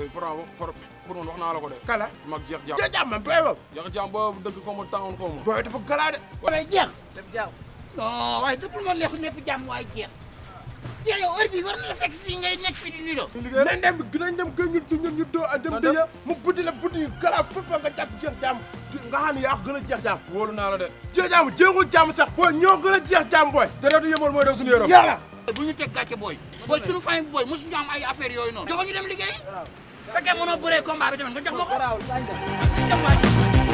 bi pourtant for pourtant wax naa la ko de. kala mag jeex jaam jeex jaam man booy boobu. jeex jaam boobu dëgg ko ma tàngoon ko ma. booy dafa galaa de. waaye jeex. def jaaw. non waaye dëppul ma leexu nepp jàmm waaye jeex. jeex yow heure bii war na la fekk fii ngay nekk fii di nuyu doon. liggéey nañ dem nañ dem gën ñu ñun ñu doo dem dëya mu buddi la buddi ñu galaa foofu nga jàpp jeex jaam nga xam ne yaa gën a jeex jaam. wóolu naa la de. jeex jaam jeexul jaam sax. booy ñoo gën a jeex jaam booy. dara du yëmoon mooy def suñu yaram. yàlla bu ñu teg gàcce booy booy suñu fayam booy mosuñu am ay affaire yooyu noonu. joxoon ñu dem liggéey fekkee mënoo bëree combat bi tamit nga jox ma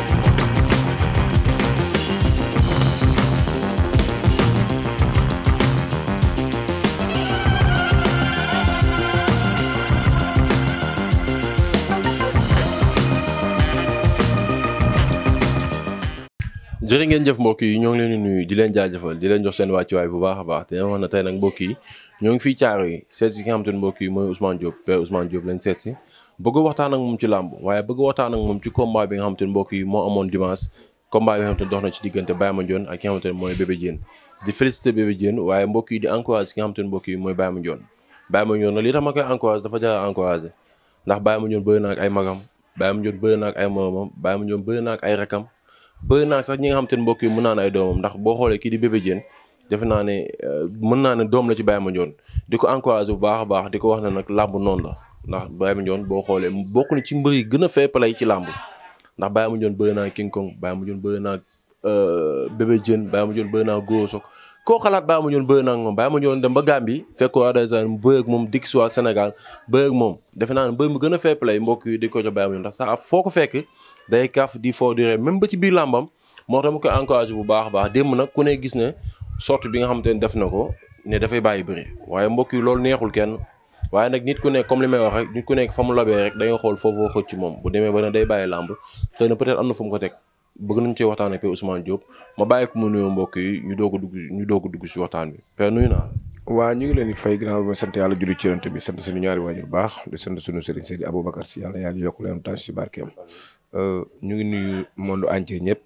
jërë ngeen jëf mbokk yi ñoo ngi leen di nuyu di leen jaajëfal di leen jox seen wàccuwaay bu baax a baax te wax na tey nag mbokk yi ñoo ngi fii caaro yi seet si ki nga xam te ne mbokk yi mooy Ousmane Diop père Ousmane Diop lañ seet si bëgg waxtaan ak moom ci làmb waaye bëgg waxtaan ak moom ci combat bi nga xam te ne mbokk yi moo amoon dimanche combat bi nga xam te ne dox na ci diggante Baye Mandione ak ki nga xam te ne mooy Bébé Diène di félicité Bébé Diène waaye mbokk yi di encouragé ki nga xam te ne mbokk yi mooy Baye Mandione Baye Mandione nag li tax ma koy encouragé dafa jar encouragé ndax Baye Mandione bëri na ak ay magam Baye Mandione bëri na ak ay moromam Baye Mandione bëri na ak ay rakam bëri naa sax ñi nga xam te mbokk yi mën naa ne ay doomam ndax boo xoolee kii di Bébé Diène defe naa ne euh, mën naa ne doom la ci Baye Mandione di ko encouragé bu baax a baax di ko wax ne nag làmb noonu la ndax Baye Mandione boo xoolee bokk na ci mbër yi gën a fair play ci làmb ndax Baye Mandione bëri naa King Kong Baye Mandione bëri naa euh, Bébé Diène Baye Mandione bëri naa Goro Sock koo xalaat Baye Mandione bëri naa moom Baye Mandione dem ba Gambie fekk waa Desane mu bëri ak moom dikk si waa Sénégal bëri ak moom defe naa ne mbër mu gën a fair play mbokk yi di ko jox Baye Mandione ndax saa foo ko fekk day kaf di foo di ree même ba ci biir làmbam moo tax ma koy encouragé bu baax a baax démb nag ku ne gis ne sorte bi nga xamante ne def na ko ne dafay bàyyi bëri waaye mbokk yi loolu neexul kenn waaye nag nit ku nekk comme li may wax rek nit ku nekk fa mu labee rek da xool foofu xëcc ci moom bu demee ba ne day bàyyi làmb xëy na peut-être am na fu mu ko teg bëgg nañ ci waxtaan ak Père Ousmane ñu doog a dugg ñu dugg si waxtaan bi nuyu naa waaw ñu ngi leen di fay ginnaaw bi ma sant yàlla julli ci yonent bi sant si yokk leen tànn si Euh, ñu ngi nuyu monde entier ñëpp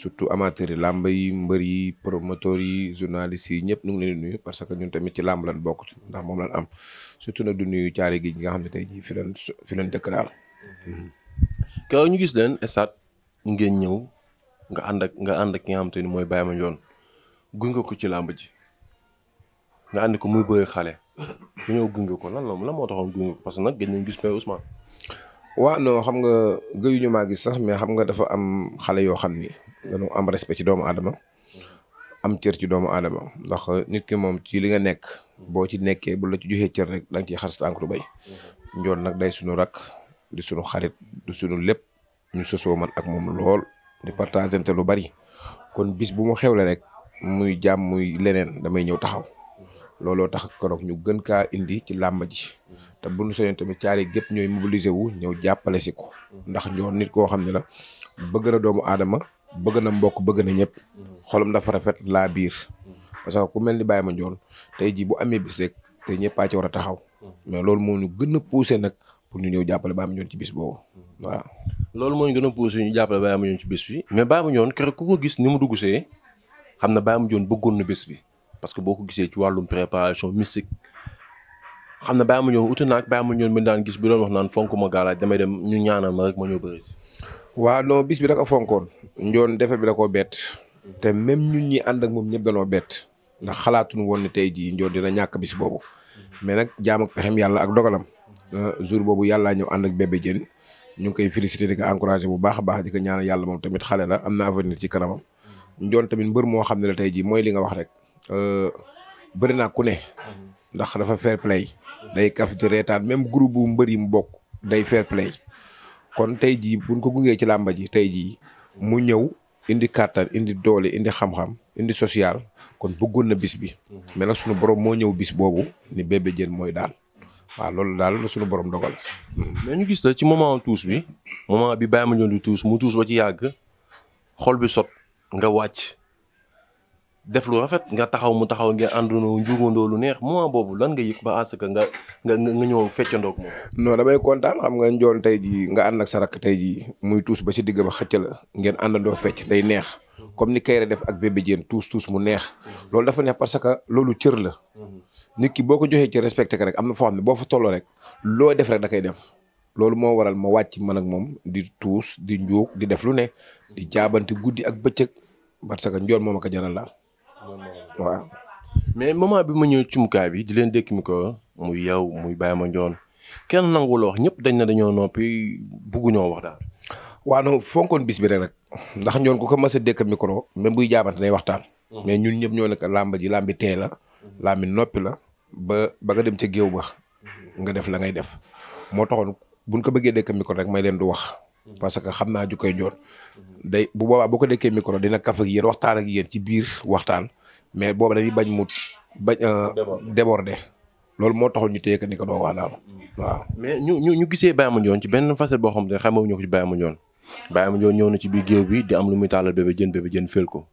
surtout amateur yi làmb yi mbër yi promoteurs yi journalistes yi ñëpp ñu ngi leen nuyu parce que ñun tamit ci làmb bokk ndax moom lañ am surtout nag du nuyu caari gi nga xam ne tey fi leen fi leen dëkk mm-hmm. ñu gis leen stade ngeen ñëw nga ànd ak nga ànd ak ki nga xam te ni mooy Baye Mandione gunge ko ci làmb ji nga ànd ko muy bëre xale. bu ñëw gunge ko lan la lan moo taxoon gunge ko parce que nag gën nañ gis Père Ousmane. waaw non xam nga gëyuñu maa gis sax mais xam nga dafa am xale yoo xam ni dañoo am respect ci doomu aadama am cër ci doomu aadama ndax nit ki moom ci li nga nekk boo ci nekkee bu la ci joxee cër rek da nga ciy xar du bay njool nag day suñu rakk di suñu xarit di suñu lépp ñu sosoo man ak moom lool di partagente lu bari kon bis bu mu xewle rek muy jàmm muy leneen damay ñëw taxaw looloo tax keroog ñu gën kaa indi ci làmb mm-hmm. te bu ñu soñoon tamit caari gépp ñooy mobiliser wu ñëw jàppale si ko mm-hmm. ndax ñoo nit koo xam ne la bëgg na doomu aadama bëgg na mbokk bëgg na ñëpp mm-hmm. xolam dafa rafet laa biir parce que ku mel ni Baye Mandione tey jii bu amee bis rek te ñëppaa ci war a taxaw mais loolu moo ñu gën a poussé nag pour ñu ñëw jàppale Baye ñoon ci bis boobu waaw loolu moo ñu gën a poussé ñu jàppale Baye Mandione ci bis bi mais Baye Mandione keroog ku ko gis ni mu dugg see xam na baa Baye joon bëggoon na bis bi parce que boo ko gisee ci wàllum préparation mystique xam ne bàyyi ma ñëw uti naag bàyyi ma ñëw mi daan gis bi doon wax naan fonk ma gaalaaj damay dem ñu ñaanal ma rek ma ñëw bëri bis bi da njoon defet bi da koo bett. te même ñun ñi ànd ak moom ñëpp danoo bett. ndax xalaatuñu woon ne tey jii njoon dina ñàkk bis boobu. mais nag jaam ak pexem yàlla ak dogalam. Euh, jour boobu yàllaa ñëw ànd ak bébé jën. ñu ngi koy félicité di ko encouragé bu baax a baax di ko ñaanal yàlla moom tamit xale la am na avenir ci kanamam. njoon tamit mbër moo xam ne la tey jii mooy li nga wax rek Euh, bëri naa ku ne. ndax dafa fair play. day kaf di reetaan même groupe bu mbër yi mu bokk. day fair play kon tey jii buñ ko gungee ci làmba ji tey jii mu ñëw indi kàttan indi doole indi xam-xam indi social kon buggoon na bis bi. mais sunu borom moo ñëw bis boobu ni Bébé Diène mooy daal waaw loolu daal la sunu borom dogal. mais ñu gis la ci moment tuus bi moment bi bàyyi ma ñëw di tuus mu tuus ba ci yàgg xol bi sot nga wàcc. def lu rafet nga taxaw mu taxaw nga àndandoo njuumandoo lu neex moment boobu lan nga yëg ba à ce que nga nga nga ñëw feccandoog moom. nga njoon tey jii nga ànd ak sa rakk tey jii muy tuus ba si digg ba xëcc la ngeen àndandoo fecc day neex comme ni kay Kayre def ak bébé Diène tuus tuus mu neex loolu dafa neex parce que loolu cër la. nit ki boo ko joxee ci respecte ko rek am na foo xam ne boo fa tolloo rek loo def rek da koy def loolu moo waral ma wàcc man ak moom di tuus di njuug di def lu ne di jaabante guddi ak bëccëg parce que njoon moom ak a jaral la waaw mais moment bi ma ñëw ci mukaay bi di leen dëkk mi ko muy yow muy ma Mandione kenn nanguwul wax ñëpp dañ na dañoo noppi bugguñoo wax daal. waaw non fonkoon bis bi rek ndax njoon ku ko mas a dëkk micro même buy jaabante day waxtaan. Mm-hmm. mais ñun ñëpp ñoo nekk làmb ji làmbi tee la. Mm-hmm. làmbi noppi la. ba ba nga dem géew ba. Mm-hmm. nga def la ngay def. moo taxoon buñ ko bëggee dëkk micro rek may leen du wax. parce que xam naa ju koy joon day bu boobaa boo ko dekkee micro dina kaf ak yéen waxtaan ak yéen ci biir waxtaan. mais boobu dañuy bañ mu ah. bañ. Euh, débordé loolu moo taxul ñu téye que ni ko doo wax daal mm. waaw. mais ñu ñu ñu gisee Baye Mandione ci benn facette boo xam ne xamewuñu ko ci Baye Mandione Baye Mandione ñëw na ci biir géew bi am lu muy tàllal Bébé Diène Bébé ko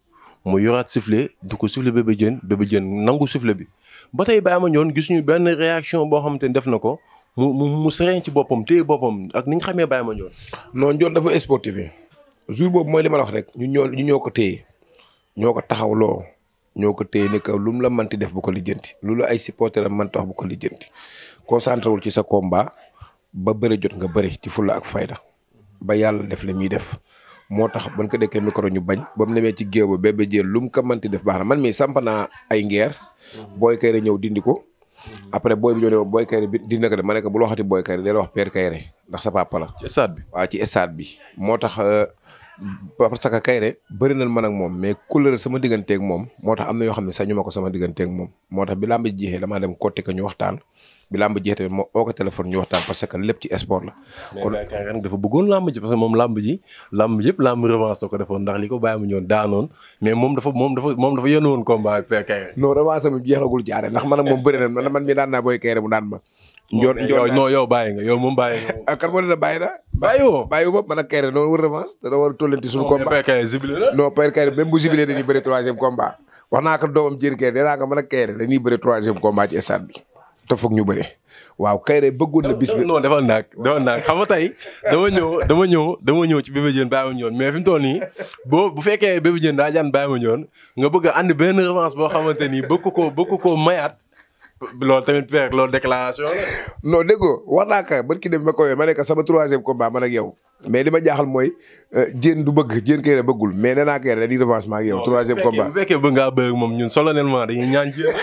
mu yoraat sifflet du ko sifflet Bébé Diène Bébé Diène nangu sifflet bi ba tey Baye Mandione gis ñu benn réaction boo xam te def na ko mu mu mu ci boppam téye boppam ak ni ñu xamee ma Mandione. non Ndiol dafa sportif jour boobu mooy li ma wax rek ñu ñoo ñu ñoo ko téye ñoo ko taxaw loo ñoo ko téye ne lu mu la manti def bu ko lijjanti lu la ay supporter am mënta wax bu ko lijjanti concentré wul ci sa combat ba bëri jot nga bëri ci fulla ak fayda ba yàlla def li muy def moo tax ban ko dekkee micro ñu bañ ba mu ci géew ba bébé jël lu mu ko manti def baax na man mii samp naa ay ngeer booy kayre ñëw dindi ko après booy bi ñoo ne booy bi dindi ko de ma ne ko bul waxati booy kayre dee la wax père kayre ndax sa papa la. ci stade bi waaw ci bi moo tax. Euh, parce que Kayre bëri nañ man ak moom mais couleur sama digganteeg moom moo tax am na yoo xam ne sax ñu ma ko sama digganteeg moom moo tax bi làmb ji jeexee damaa dem côté que ñu waxtaan bi téléphone ñu waxtaan parce que lépp ci sport la. kon Kayre nag dafa parce que moom làmb ji làmb yëpp làmb revanche la ko defoon ndax li ko bàyyi mu ñëwoon daanoon mais moom dafa moom dafa moom dafa yónn woon combat Kayre. non revanche am jeexagul jaare ndax man ak moom bëri na man mii daan naa booy Kayre mu daan ma. njoon njoon non yow bàyyi nga yow moom bàyyi nga. Ah, kan moo ne war a tollanti suñu combat. non Père Kayre zibilé la. non Père Kayre même bu zibilé dañuy bëri troisième combat wax ak Kayre dañuy xam nga tey dama ñëw dama ñëw dama ñëw ci Bébé Diène bàyyi ma ñoon mais fi mu toll nii boo bu fekkee Bébé Diène daa jaan bàyyi ma ñoon nga bëgg a ànd benn revanche boo xamante ni bëgg ko bëgg ko mayaat loolu tamit père lool déclaration la. non dégg nga wax naa ko barki dem ma koy ma ne ko sama troisième combat man ak yow. mais li ma jaaxal mooy jéen euh, du bëgg jéen bëggul mais nee naa kay rek di revancement ak yow. troisième moom ñun solennellement dañuy ñaan jéen.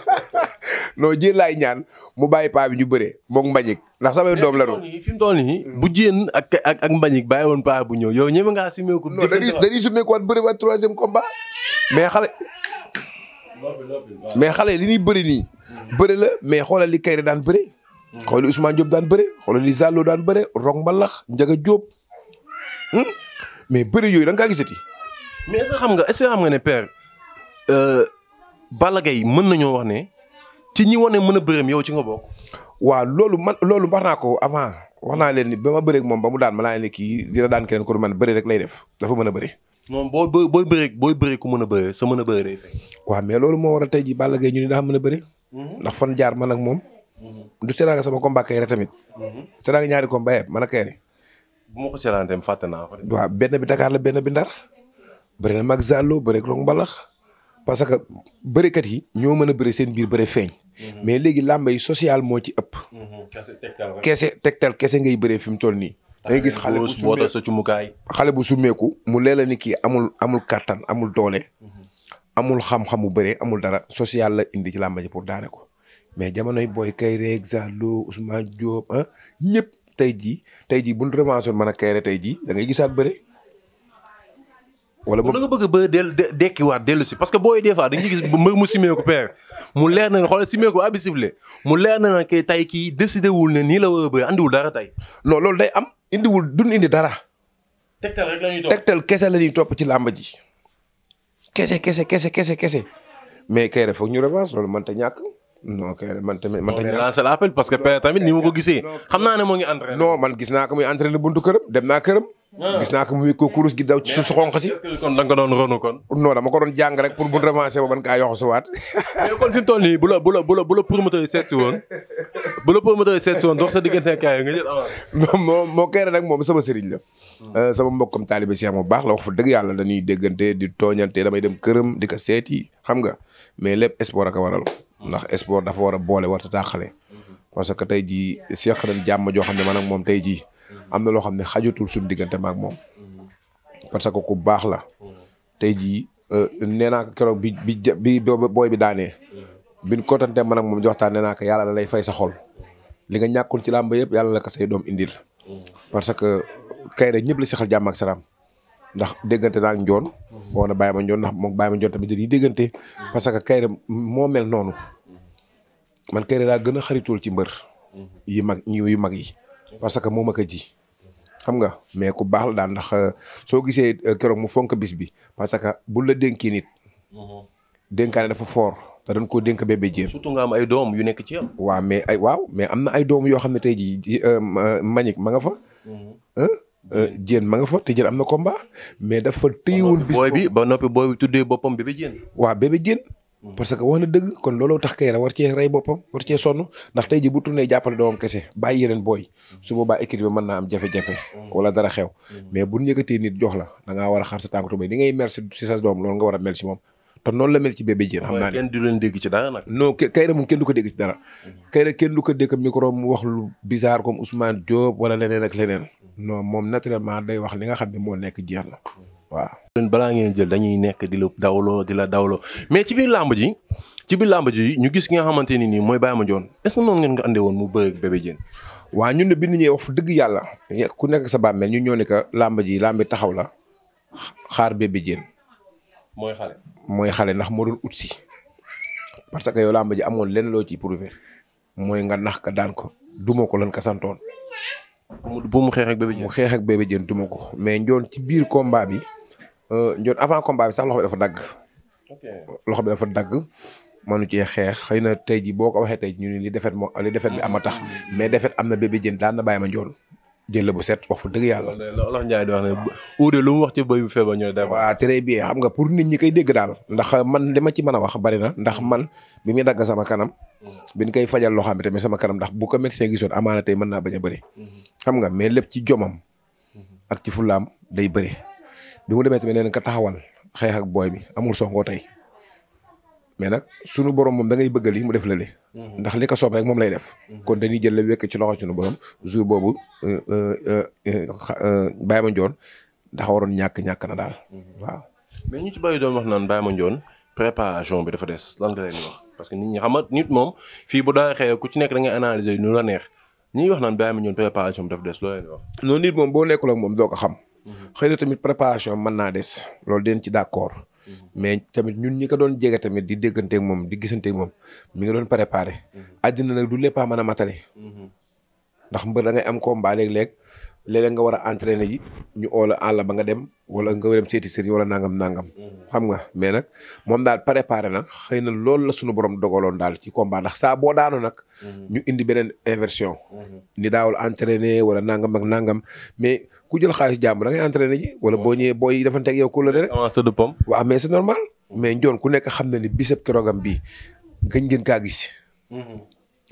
non jéen laay ñaan mu bàyyi paa bi ñu bëree moog mbañik ndax samay doom la ñu. fi mu toll nii bu jéen ak ak ak mbañik bàyyi woon paa bu ñëw yow ñeme ngaa simee ko. non dañuy dañuy sumee ko waat bëri waat troisième combat mais xale. mais xale yi li ñuy bëri nii. bëri la mais xoolal li Kayre daan bëri. xoolal li Ousmane daan bëri xoolal li Zallo daan bëri Rog Mbalax a Diop. Hmm? mais bëri yooyu da nga kaa mais est xam nga est-ce que xam nga ne père. Euh, Balla Gaye mën nañoo wax ne. ci ñi wane mën a bëreem yow ci nga bokk. waaw loolu man loolu wax ko avant wax naa leen ni ba ma bëree moom ba mu daan ma naa leen ni kii dina daan kenn ko du man bëri rek lay def dafa mën a bëri. moom boo boo booy bëree booy bëree ku mën a bëree sa mën a bëree day waaw mais loolu moo war a tey jii Balla Gaye ñu ne daa mën a bëri. Mhm. ndax fon jaar man ak moom. Mhm. du seetaan nga sama combat rek tamit. Mhm. seetaan nga ñaari combat yëpp man ak Kairé. fàtte naa benn bi Dakar la benn bi Ndar. na mag Zallo bëri mbalax parce que bërikat yi. ñoo mën a bëri seen biir bëri feeñ. mais léegi làmba social moo ci ëpp. kese tegtal kese tegtal ngay bëree fi mu toll nii. day gis xale bu summeeku sa cumukaay xale bu summeeku mu ni kii amul amul kàttan amul doole. Mm-hmm. amul xam-xam amul dara social la indi ci làmba pour daane ko mais jamonoy booy Kairé Exalo Ousmane Diop ah ñëpp tey jii tey jii bu nu revanche man tey jii da ngay gisaat bëre. wala da nga bëgg ba del dekkiwaat dellu si parce que booy des fois dañuy gis mbër mu simee ko père mu leer na ne xoolal simee ko mu leer na ne kay tey kii décidé wul ne nii la war a andiwul dara tey. non loolu day am. indiwul duñ indi dara. tegtal kese la ñuy topp ci làmb ji. kese kese kese kese kese mais kay rek foog ñu revanche loolu mënta ñàkk. non kay man tamit man. tamit que père tamit ni mu ko gisee. xam naa ne moo ngi entraîné. non man gis naa ko muy entraîné buntu këram dem naa këram. Ah. gis naa ko muy ko kurus gi daw la bu la bu la si woon moo moo kay nag moom sama sëriñ la. Ah. Euh, sama mbokkam taalibe Cheikh mu baax la wax fa dëgg yàlla dañuy déggante di tooñante damay dem këram di ko seeti xam nga mais lépp espoir ak a waral ndax sport dafa war a boole war a tàqale parce que tey ji seq nañ jàmm joo xam ne man ak moom tey jii am na loo xam ne xajatul suñ diggante maak moom parce que ku baax la tey jii euh, nee naa ko keroog bi bi bi booy bi daanee bin ko tante man moom di waxtaan naa ko yàlla la lay fay sa xol li nga ñàkkul ci làmb yëpp yàlla la ko say doom indil parce que kay rek ñëpp la seqal jàmm ak salaam ndax déggante naa ak njoon moo na bàyyi ma njoon ndax moom bàyyi ma njoon tamit dañuy déggante parce que kayre moo mel noonu man kayre laa gën a xarituwul ci mbër yi mag yu mag yi parce que moom ak a ji xam nga mais ku baax la daal ndax euh, soo gisee euh, keroog mu fonk bis bi parce que bu la dénkee nit dénkaane dafa foor te dañ koo dénk bébé jéem surtout nga am ay doom yu nekk ci yow. waaw mais ay waaw mais am na ay doom yoo xam ne tey jii euh, mañik ma nga fa mm-hmm. Euh, mm. Diène ma nga fa te Diène am na combat mais def fa dafa tëyewoon. bis booy bi ba noppi booy bi tuddee boppam bébé waa waaw bébé Diène. Mm. parce que wax na dëgg kon looloo tax kay war cee rey boppam war cee sonn ndax tey ji bu tourné jàppale doomam kese bàyyi yeneen booy mm. su boobaa équipe bi mën naa am jafe-jafe. wala dara xew. mais bu ñu yëkkatee nit jox la da war a xar sa tànkatu bay di ngay mer si sa doom loolu nga war a mel si moom te noonu la mel ci bébé Diène xam naa ne du leen dégg ci dara nag. non Kayra moom kenn du ko dégg ci dara. Mm-hmm. Kayra kenn du ko dégg mikoro mu wax lu bizarre comme Ousmane Diop wala leneen ak leneen. Mm-hmm. non moom naturellement day wax li nga xam ne moo nekk jeex na mm-hmm. waaw. leen balaa ngeen jël dañuy nekk di la dawloo di la dawloo mais ci biir làmb ji ci biir làmb ji ñu gis ki nga xamante ne nii mooy Baye Mandione est-ce que noonu ngeen ko andee woon mu bëre ak bébé Diène. waaw ñun de bi ñu wax dëgg yàlla ku nekk sa bàmmeel ñu ñoo ne que làmb ji làmb taxaw la xaar bébé Diène mooy xale mooy xale ndax moo doon ut parce que yow làmb ji amoon lenn loo ciy prouver mooy nga nax ka daan ko duma ko lan ka santoon. bu mu xeex ak bébé xeex ak bébé jën duma ko mais njoon ci biir combat bi euh, njoon avant combat bi sax loxo bi dafa dagg. loxo bi dafa dagg. manu cee xeex xay na tey ji boo ko waxee tey ñu ni li defet moo li defet bi a tax mais defet am na bébé jën daan na bàyyi ma njoon jël bu set wax fa dëgg yàlla. loolu Ndiaye di wax ne uude lu mu wax ci béy bu feebar ñooy dem. waaw très bien xam nga pour nit ñi koy dégg daal. ndax man li ci mën a wax bari na ndax man bi muy dagg sama kanam. bi ñu koy fajal loo xam ne tamit sama kanam ndax bu ko médecin gisoon amaana tey mën naa bañ a bëri. xam nga mais lépp ci jomam. ak ci fulaam day bëri. bi mu demee tamit nee nañ ko taxawal xeex ak booy bi amul songoo tey. mais nag sunu borom moom dangay ngay bëgg li mu def la li mhm. ndax li ko soob rek moom lay def. Mhm. kon dañuy jël la wekk ci loxo sunu borom jour boobu euh, euh, euh, Baye Mandione ndax ñàkk ñàkk na daal mhm. waaw. mais ñu ci bàyyi doon wax naan Baye Mandione préparation bi dafa des lan nga leen wax parce que nit ñi xam nit moom fii bu daa xëy ku ci nekk da ngay analyser nu la neex ñi ngi wax naan Baye Mandione préparation bi dafa des loo noonu nit moom boo nekkul ak moom doo ko xam. xëy na tamit préparation mën naa des loolu den ci d'accord Mm-hmm. mais tamit ñun ñi ko doon jege tamit di dégganteeg moom di gisanteeg moom mi nga doon préparé. Mm-hmm. àddina nag du lépp a mën a matale. Mm-hmm. ndax mbër da ngay am combat léeg-léeg léeg-léeg nga war a entraîné yi ñu oola àll ba nga dem wala nga dem seeti sëriñ wala nangam nangam. xam nga mais nag moom daal préparé na xëy na loolu la sunu borom dogaloon daal ci combat ndax saa boo daanu nag. ñu indi beneen inversion. ni daawul entraîné wala nangam ak nangam mais. ku jël xaalis jàmm da ngay entraîné ji wala boo ñëwee booy yi dafanteeg yow ku la de rek avance mais c'est normal mais njoon ku nekk xam na ni bisab keroogam bii gëñ ngeen kaa gis mm-hmm.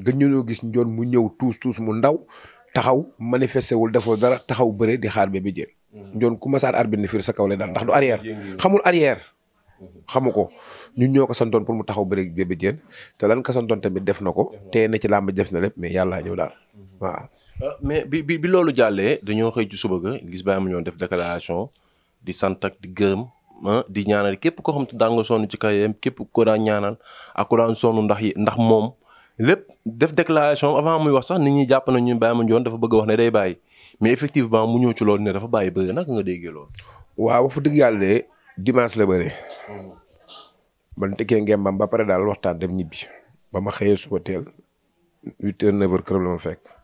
gëñ ñoo gis njoon mu ñëw tuus tuus mu ndaw taxaw manifesté wul deful dara taxaw bëre di xaar Bébé Diène mm-hmm. njoon ku masaan arbitre fiir sa kaw lay daal ndax du arrière xamul arrière mm-hmm. xamu ko ñu ñoo ko santoon pour mu taxaw bëre Bébé Diène te lan ko santoon tamit def na ko teye na ci làmb def na mais yàlla ñëw daal waaw Euh, mais bi bi bi loolu jàllee dañoo xëy ci suba ga gis bàyyi mu ñoo def déclaration di sant ak di gërëm ah, di ñaanal képp koo xam te daan nga sonn ci kayam képp ko daan ñaanal ak ko daan sonn ndax yi ndax moom lépp def déclaration avant muy wax sax nit ñi jàpp na ñu bàyyi mu ñoon dafa bëgg wax ne day bàyyi mais effectivement mu ñëw ci loolu ne dafa bàyyi bëgg naka nga déggee loolu. waaw wax dëgg yàlla de dimanche la bëre. man hmm. tëkkee ngembam ba pare daal waxtaan dem ñibbi ba ma xëyee suba teel huit heures kër la fekk.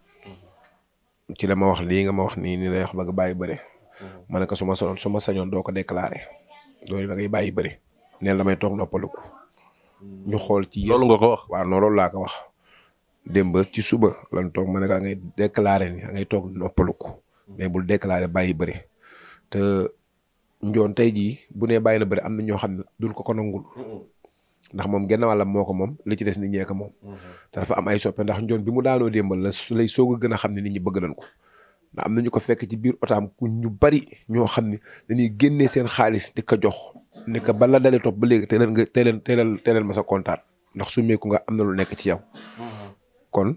ci la ma wax lii nga ma wax nii nii lay wax ba nga bàyyi bëri. Mm-hmm. ma ne ko su ma sañoon su sañoon doo ko déclaré doo da ngay bàyyi bëri neen damay toog noppaluku. Mm-hmm. ñu xool ci loolu nga ko wax waaw non laa ko wax. démb ci suba lan toog ma ne ko da ngay déclaré ni da ngay toog noppaluku. Mm-hmm. mais bul déclaré bàyyi bëri te njoon tey ji bu ne bàyyi na bëri am na ñoo xam ne dul ko ko ndax moom genn wàllam moo ko moom li ci des nit ñee ko moom. Mhm. te dafa am ay soppe ndax njoon bi mu daanoo démbal la su lay soog a gën a xam ne nit ñi bëgg nañ ko. ndax am na ñu ko fekk ci biir otaam ku ñu bari ñoo xam ne dañuy génnee seen xaalis di ko jox. ne ko ba la topp ba léegi teelal nga teelal teelal teelal ma sa kontaan ndax su meeku nga am na lu nekk ci yow. Mhm. kon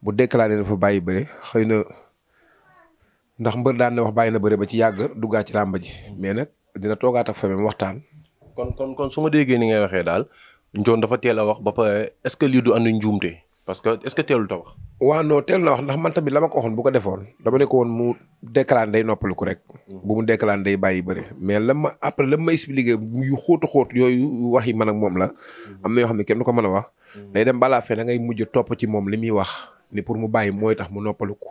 bu déclaré dafa bàyyi bëre xëy na ndax mbër daan na wax bàyyi na bëre ba ci yàgg duggaat ci làmba ji. mais nag dina toogaat ak famille waxtaan. kon kon kon su ma déggee ni ngay waxee daal Njoon dafa teel a wax ba pare est que lii du ànd njuumte parce que est-ce que teelu ta wax. waaw non teel na wax ndax man tamit la ma ko waxoon bu ko defoon dama ne ko woon mu déclaré day mm-hmm. day bàyyi bëri. mais la ma après la ma expliqué yu xóotu xóot yooyu wax yi man ak moom la. Mm-hmm. am na yoo xam kenn du ko mën a wax. Mm-hmm. day dem balaa fee da ngay mujj topp ci moom li muy wax ni pour mu bàyyi mooy tax mu noppaliku.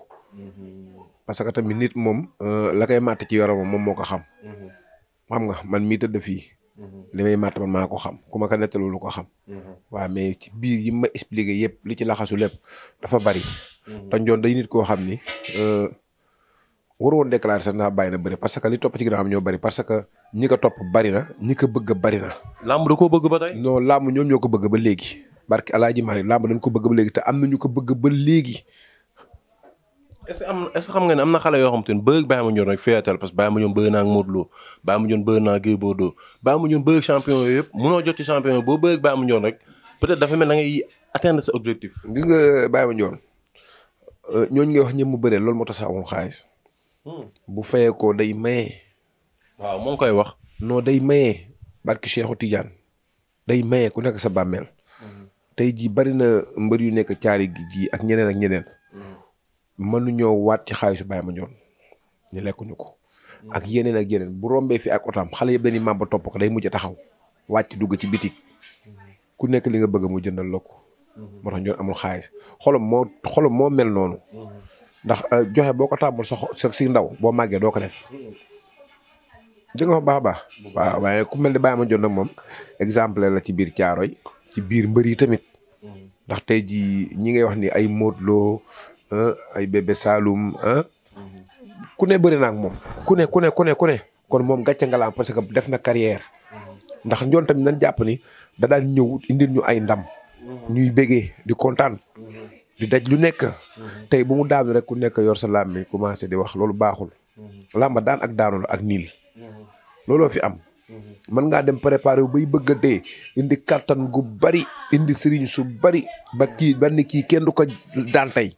parce que tamit nit moom. Euh, la koy màtt ci yaramam moom moo ko xam. man mii tëdd fii. li may màtt man maa ko xam ku ma ko lu ko xam. waa mais ci biir yi ma expliqué yëpp li ci laxasu lépp dafa bari. te njoon day nit koo xam ni euh, waru woon déclaré sax naa bàyyi na bëri parce que li topp ci ginnaaw am ñoo bari parce que ñi ko topp bari na ñi ko bëgg bari na. làmb da koo bëgg ba tey. non làmb ñoom ñoo ko bëgg ba léegi. barke El Hadj Mari làmb dañ ko bëgg ba léegi te am na ñu ko bëgg ba léegi. est ce que am est ce que xam nga ne am na xale yoo xam ne bëgg Baye Mandione rek féetal parce que Baye Mandione bëgg naa ak Modou Lo Baye Mandione bëgg naa ak Gris Bordeaux Baye Mandione bëgg champion yooyu yëpp munoo jot ci champion boo bëgg Baye Mandione rek peut être dafa mel da ngay atteindre sa objectif. gis nga Baye Mandione euh, ñooñu ngay wax ñëpp mu bëree loolu moo tax sax amul xaalis. Hmm. bu fayee ko day maye. waaw moo koy wax. non day maye. barki Cheikhou Tidiane. day maye ku nekk sa bàmmeel. Hmm. tey jii bari na mbër yu nekk caari gi ak ñeneen ak ñeneen. Hmm. mënuñoo waat ci baay ma Mandione ñu lekkuñu ko. ak yeneen ak yeneen bu rombee fi ak otaam xale yëpp dañuy màbb topp ko day mujj taxaw wàcc dugg ci bitik ku nekk li nga bëgg mu jëndal la ko. moo amul xaalis xolam moo xolam moo mel noonu. Euh, joxe boo ko tàmbal sa si ndaw boo màggee doo ko def di nga fa waaye ku mel ne Baye Mandione nag moom exemple la ci biir Caaroy ci biir mbër yi tamit. ndax te ji ñi ngay wax ni ay Modou Lo Ah, ay bébé Saloum ah. ku ne bëri naak moom ku ne ku ne ku ne ku ne kon moom gàcce ngalaam parce que def na carrière ndax njoon tamit nañ jàpp ni da daan ñëw indi ñu ay ndam ñuy bégee di kontaan di daj lu nekk tey bu mu daanu rek ku nekk yor sa làmmiñ commencé di wax loolu baaxul làmba daan ak daanu la ak niil looloo fi am mën ngaa dem préparé wu bay bëgg a dee indi kattan gu bari indi sëriñ su bari ba kii ba ni kii kenn du ko daan tey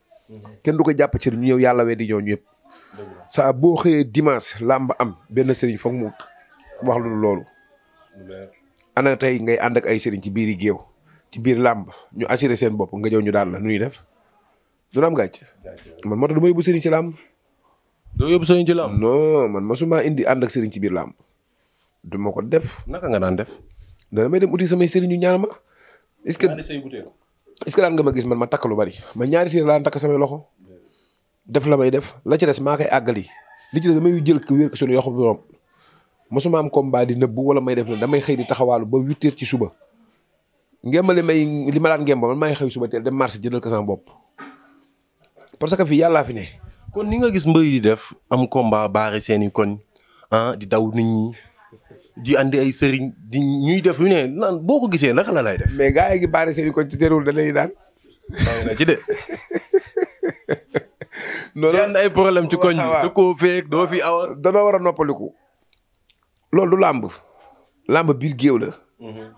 kenn du ko jàpp ci ñu yow yàlla weddi ñoo ñëpp. saa boo xëyee dimanche làmb am benn sëriñ foog mu wax lu loolu. ana tey ngay ànd ak ay sëriñ ci biir géew ci biir làmb ñu assuré seen bopp nga ñëw ñu daal la nu ñuy def. du am gàcc man moo tax du ma yóbbu sëriñ ci làmb. doo yóbbu sëriñ ci làmb. non indi ànd ak sëriñ ci biir làmb. du ma ko def. naka nga daan def. dana may dem uti samay sëriñ ñu ñaan ma. est que est-ce que daan nga ma gis man ma takk lu bari ma ñaari fiir laa takk samay loxo def la may def la ci des maa koy àggali li ci des damay jël ko wér ko suñu yoxu mosuma am combat di nëbbu wala may def la damay xëy di taxawaalu ba huit heures ci suba ngembali may li ma daan ngemba man maa xëy suba teel dem marché jëndal ko sama bopp parce que fii yàllaa fi ne. kon ni nga gis mbëy di def am komba baare seeni koñ ah di daw nit ñi. di andi ay sëriñ di ñuy def yu ne naan boo ko gisee naka la lay def. mais gars yi ngi baare seen i koñ ci teewul da lay daan. na ci de. loolu ay problème ci koñ bi. koo fi awa. danoo war loolu làmb. làmb biir géew la. Mhm.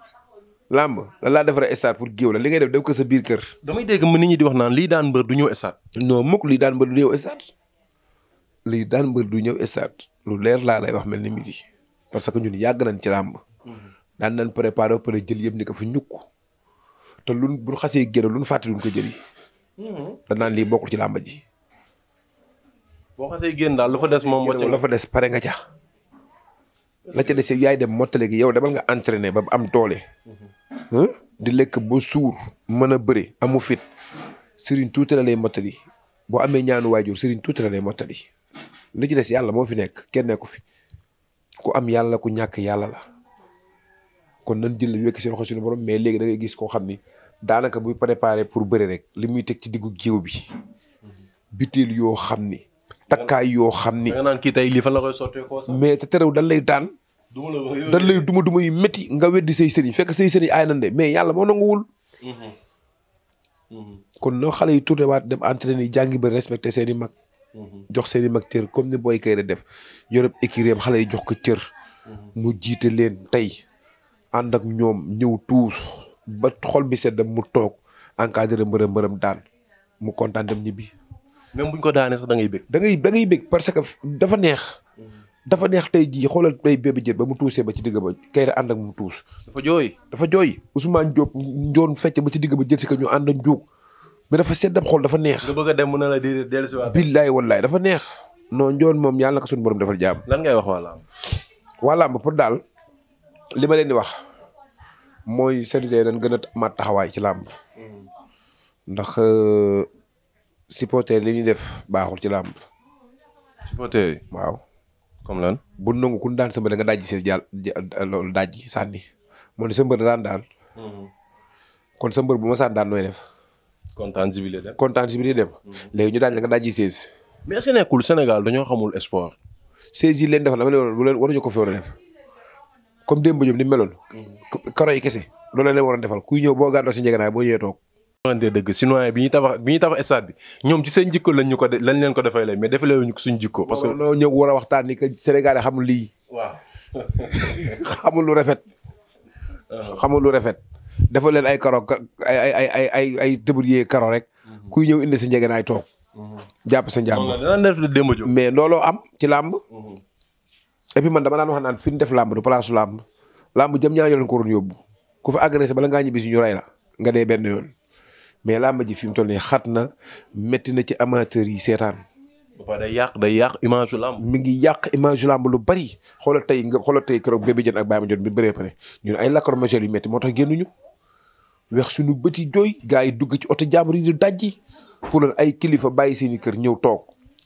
làmb la laa defara stade pour géew la li ngay def def ko sa biir kër. damay dégg mu nit ñi di wax naan lii daan mbër du ñëw stade. non mukk lii daan mbër du ñëw stade. lii daan mbër du ñëw stade. lu leer laa wax mel ni midi. parce que ñun yàgg nañ ci làmb daan nañ préparé ba pare jël yëpp ni ko fi ñukk te lu bu xasee génn luñ fàtte duñ ko jëli. Mm-hmm. dañ naan bokkul ci làmb ji. boo xasee génn daal lu fa des moom moo la fa des pare nga ca. la ca des yaay dem mottale gi yow demal nga entraîné ba am doole. Mm-hmm. di lekk ba suur mën a bëri amu fit sëriñ tuuti la lay mottali boo amee ñaanu waajur sëriñ tuuti la lay mottali li ci des yàlla moo fi nekk kenn nekku fi. ku am yàlla ku ñàkk yàlla la kon nan jël wekk seen xol suñu borom mais léegi da ngay gis koo xam ni daanaka buy préparé pour bëri rek li muy teg ci diggu géew bi bitéel yoo xam ni takkaay yoo xam ni. da nga naan kii tey lii fan la koy sottee ko sax mais te terew dan lay daan. dan lay duma duma yu métti nga weddi say sëriñ fekk say sëriñ aay nan de mais yàlla moo nanguwul. Mm-hmm. Mm-hmm. kon noo xale yi tourné waat dem entraîné jàngi ba respecté seen mag. Mm-hmm. jox seen i mag cër comme ni Boy Kayre def yorob écurie-am xale yi jox ko cër. Mm-hmm. mu jiite leen tey ànd ak ñoom ñëw tuus ba xol bi sedd mu toog encadré mbërëm mbërëm daan mu kontaan dem ñibbi. même bu ñu ko daanee sax da ngay bëgg. da ngay da ngay parce que dafa neex. Mm-hmm. dafa neex tey jii xoolal tey Bébé Diène ba mu tuusee ba ci digg ba Kayre ànd ak mu tuus. dafa jooy dafa jooy. Ousmane Diop njoon fecc ba ci digg ba jël si ko ñu ànd ak njuug mais dafa sedd xol dafa neex. nga bëgg a dem mën na la di dellusiwaat. billaay wallaay dafa neex. non njoon moom yàlla na ko suñu borom defal jaam. lan ngay wax waa làmb. waa làmb pour daal li ma leen di wax mooy seen seen gën a amaat taxawaay ci làmb. ndax euh, supporter li ñuy def baaxul ci làmb. supporter yi waaw. comme lan bu nangu ku daan sa mbër da nga daj jàll loolu daj sànni moo ne sa mbër daan daal. Mm-hmm. kon sa mbër bu ma sànni daan nooy def. kontaan si biir dem kontaan si biir dem. Mm-hmm. léegi ñu daañu la nga daaj yi seize. mais est-ce que nekkul Sénégal dañoo xamul espoir. seize leen defal dama leen war waruñu ko fi a def comme démb ñoom ni mu meloon. Mm-hmm. loolu leen war a defal kuy ñëw boo gàddoo si njëganaay boo ñëwee toog. xamante dëgg chinois bi ñu tabax bi ñuy tabax stade bi ñoom ci seen jikko lañ ñu ko lañ leen ko defay lay mais defalee ñu ko suñu jikko. parce que loolu ñëw war a waxtaan ni que Sénégal xamul lii. waaw xamul lu rafet. Ah. xamul lu rafet. defal leen ay karo ay ay ay ay ay karo rek mhm. kuy ñëw indi sa naay toog. Mhm. jàpp sa njàmm. mais looloo am ci làmb. Mhm. et puis man dama daan wax naan fi ñu def làmb du palaasu làmb làmb jëm ñaa leen ko waroon yóbbu ku fa agressé bala ngaa ñibbi si ñu rey la nga dee benn yoon mais làmb ji fi mu toll nii xat na métti na ci amateurs yi seetaan. ba day yàq day yàq image yu làmb. mi ngi yàq image yu làmb lu bari xoolal tey nga xoolal tey keroog bébé jën ak bàyyi ma jën bi bëree pare ñun ay lakkar monsieur yu moo tax génnuñu. weex suñu bëti jooy gaa yi dugg ci oto jàmbur yi di dajji pour leen ay kilifa bàyyi seen kër ñëw toog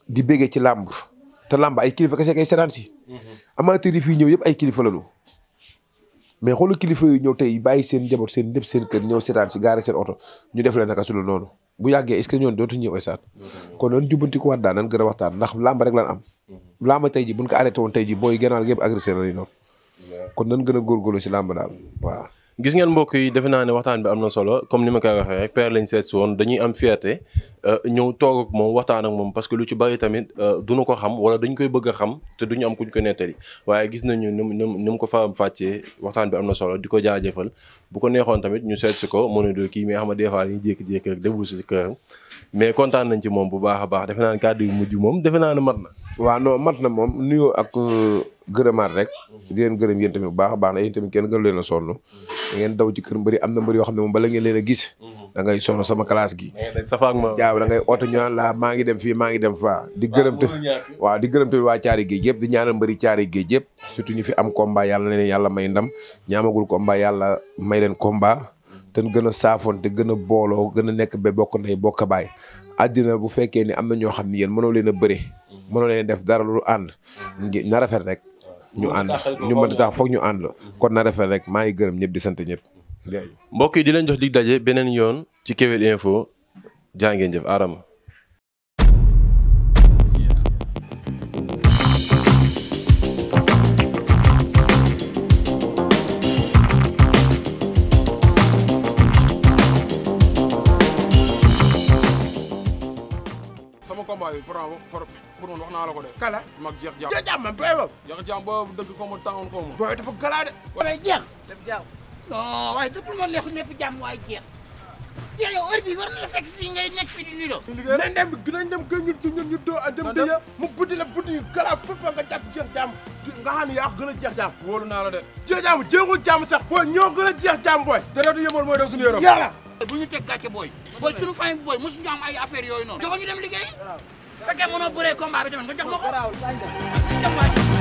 di béggee ci làmb te làmb ay kilifa kese kay seetaan si. Mhm. amateur yi fii ñëw yëpp ay kilifa la lañu. mais xoolal kilifa yi ñëw tey bàyyi seen njaboot seen lépp seen kër ñëw seetaan si gaare seen oto ñu def leen naka su noonu bu yàggee est ce que ñoon dootu ñëw ay saat mhm. kon nan jubbanti ko waat daal nan gën a waxtaan ndax làmb rek lan am mhm. làmb tey ji buñ ko arrêté woon tey ji booy gànnaar gépp agressé la ñu noonu kon gën a góorgóorlu si làmb daal waaw gis ngeen mbokk yi defe naa ne waxtaan bi am na solo comme ni ma koy waxee rek père lañ seet woon dañuy am fierté euh, ñëw toog ak moom waxtaan ak moom parce que lu ci bari tamit euh, duna ko xam wala dañ koy bëgg a xam te duñu am kuñ ko nettali waaye gis nañu ni mu ni mu ko faram fàccee waxtaan bi am na solo di ko jaajëfal bu ko neexoon tamit ñu seet ko mu ne doo kii mais xam nga des fois dañuy jékki-jékki rek déglu si këram mais kontaan nañ ci moom bu baax a baax defe naa ne kàddu yu mujj moom defe naa ne mat na. waaw non mat na moom nuyoo ak euh, gërëmaat rek. di leen gërëm yéen tamit bu baax a baax na yéen tamit kenn gënu leen a sonn. da ngeen daw kër mbëri am na mbëri yoo xam ne moom bala ngeen leen a gis. Mhm. da ngay sonn sama classe gi. jaaw da ngay oto ñu naan la maa ngi dem fii maa ngi dem faa. di gërëm te waaw di gërëm tamit waa caari géej yëpp di ñaanal mbëri caari géej yëpp surtout ñu fi am combat yàlla leen yàlla may ndam ñaamagul combat yàlla may leen combat te gën a saafoon te gën a booloo gën a nekk be bokk nay bokk baay àddina bu fekkee ni am na ñoo xam ni yéen mënoo leen a bëre mënoo leen def dara lu ànd na rafet rek ñu ànd ñu mën tax foog ñu ànd kon na rafet rek maa ngi gërëm ñëpp di sant ñëpp mbokk yi di leen jox di daje beneen yoon ci Kewel Info jaa ngeen jëf aarama booy bravo for pour wax naa la ko de. kala mag jeex jaam jeex jaam man booy boobu. ko ma tawoon ko ma. booy dafa galaa de. waaye jeex. ma neexul nepp jàmm waaye jeex. jeex yow heure war na la fekk fii ngay nekk fii di nuyu doon. liggéey nañ dem nañ dem kër ñu ñun doo a dem dëya mu buddi la buddi yu galaa foofu nga jàpp jeex jaam nga xam ne yaa gën a jeex jaam. wóolu naa la de. jeex jaam jéegul jaam sax. booy ñoo gën a jeex jaam booy. dara du yëmoon mooy daw suñu yaram. yàlla bu ñu teg gàcce booy. booy suñu fay booy mosuñu am ay affaire yooyu noonu. jox ñu dem liggéey. fekkee mënoo bëree combat bi ma ko.